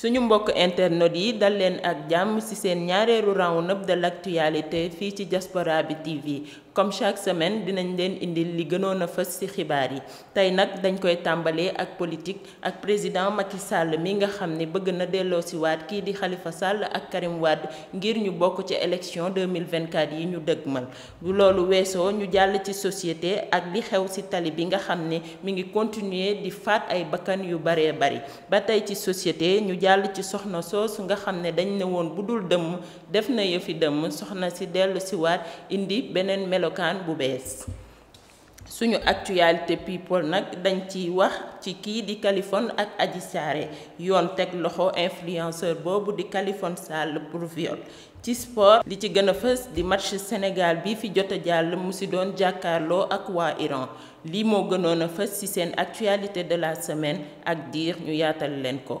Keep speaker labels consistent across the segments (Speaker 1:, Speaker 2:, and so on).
Speaker 1: suñu mbokk internet yi dal leen ak jàmm ci seen ñaareelu round-up de l'actualité fii ci Diaspora bi TV comme chaque semaine dinañ leen indil li gënoon a fës ci xibaar yi tey nag dañ koy tàmbalee ak politique ak président Macky Sall mi nga xam ne bëgg na delloo si waat kii di Khalifa Sall ak Karim Wade ngir ñu bokk ci élection 2024 yi ñu dëgmal bu loolu weesoo ñu jàll ci société ak li xew si tali bi nga xam ne mi ngi continuer di faat ay bakkan yu baree bari ba tey ci société ñu jàll ci soxna soosu nga xam ne dañ ne woon bu dul dëmm def na yëfi dëmm soxna si dellu si waat indi beneen melokaan bu bees suñu actualité people nag dañ ci wax ci kii di Kaliphone ak Adji Sarr yoon teg loxo influenceur boobu di Kaliphone Sall pour viol ci sport li ci gën a fës di match Sénégal bi fi jot a jàll mu si doon jàkkaarloo ak waa Iran lii moo gënoon a fës ci seen actualité de la semaine ak diir ñu yaatal leen ko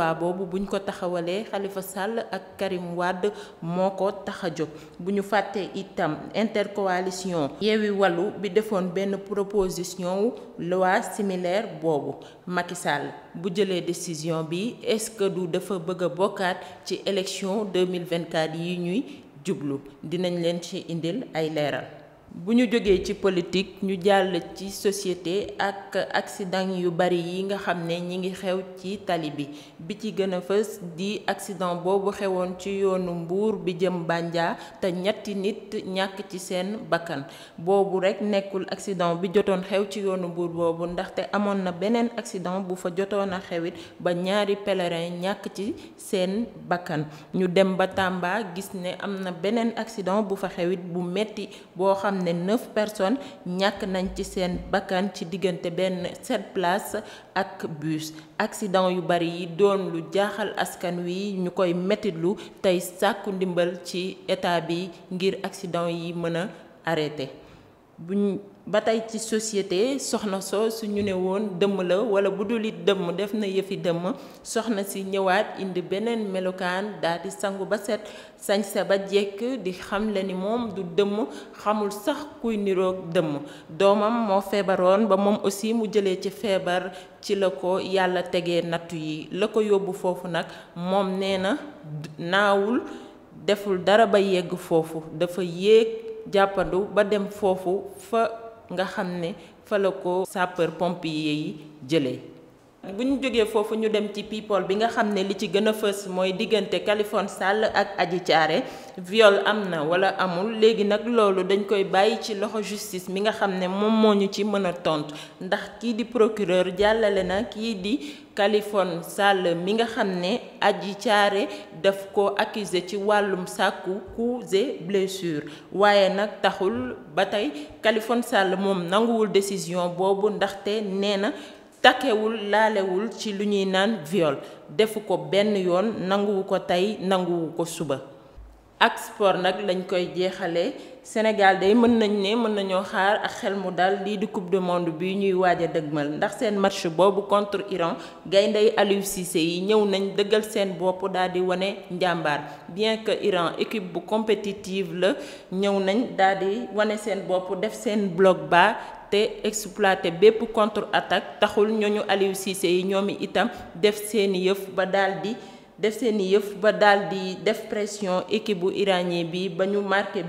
Speaker 1: waa boobu buñ ko taxawalee Khalifa Sall ak Karim Wade moo ko tax a jóg bu ñu fàttee itam intercoalition Yewwi Wallu bi defoon benn proposition wu loi similaire boobu Macky Sall bu jëlee décision bi est-ce que du dafa bëgg a bokkaat ci élection 2024 yi ñuy jublu dinañ leen ci indil ay leeral bu ñu jógee ci politique ñu jàll ci société ak accident yu bari yi nga xam ne ñi ngi xew ci tali bi bi ci gën a fës di accident boobu xewoon ci yoonu Mbuur bi jëm bànjaa te ñetti nit ñàkk ci seen bakkan boobu rekk nekkul accident bi jotoon xew ci yoonu Mbuur boobu ndaxte amoon na beneen accident bu fa jotoon a xewit ba ñaari pèlerin ñàkk ci seen bakkan ñu dem ba Tàmba gis ne am na beneen accident bu fa xewit bu metti boo xam xam ne neuf personnes ñàkk nañ ci seen bakkan ci diggante benn sept place ak bus accident yu bari yi doon lu jaaxal askan wi ñu koy mettitlu tey sàkku ndimbal ci état bi ngir accident yi mën a arrêté buñ ba tey ci société soxna soo su ñu ne woon dëmm la wala bu dul it dëmm def na yëfi dëmm soxna si ñëwaat indi beneen melokaan daal di sangu ba set sañse ba jekk di xam le ni moom du dëmm xamul sax kuy niroog dëmm doomam moo feebaroon ba moom aussi mu jëlee ci feebar ci la ko yàlla tege nattu yi la ko yóbbu foofu nag moom nee na naawul deful dara ba yegg foofu dafa yéeg jàppandu ba dem foofu fa nga xam ni fa la ko sapeur pompier yi jéle bu joggé fofu ñu dem ci people bi nga xamné li ci gëna a moy digënté Sall ak Adji Thiaré viol amna wala amul légui nak loolu dañ koy bayyi ci loxo justice mi nga xamné mom moñu ci mëna tontu ndax ki di procureur jàllale na kii di Kaliphone Sall mi nga xamné Adji Thiaré daf ko accuser ci walum sàkku coups blessure blessures nak taxul batay Sall mom nanguwul décision bobu ndax té néna takewul lalewul ci luñuy ñuy naan viol defu ko benn yoon nanguwu ko tey nanguwu ko suba ak sport nag lañ koy jeexalee Sénégal day mën nañ ne mën nañoo xaar ak xel mu dal lii di coupe du monde bi ñuy waaj dëgmal ndax seen match boobu contre Iran gayndey Aliou Cissé yi ñëw nañ dëggal seen bopp daal di wane njàmbaar bien que Iran équipe bu compétitive la ñëw nañ daal di wane seen bopp def seen bloc bas te exploité bépp contre attaque taxul ñooñu Aliou Cissé yi ñoom itam def seeni yëf ba daal di def seeni yëf ba daal di def pression équipe bu iranien bi ba ñu marqué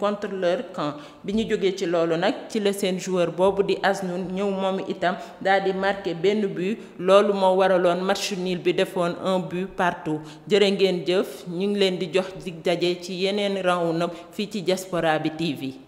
Speaker 1: contre leur camp bi ñu jógee ci loolu nag ci la seen joueur boobu di Asnun, ñëw moom itam daal di marqué benn but loolu moo waraloon match nul bi defoon un but partout jërë ngeen jëf ñu ngi leen di jox dig daje ci yeneen fiti up fii ci Diaspora bi TV.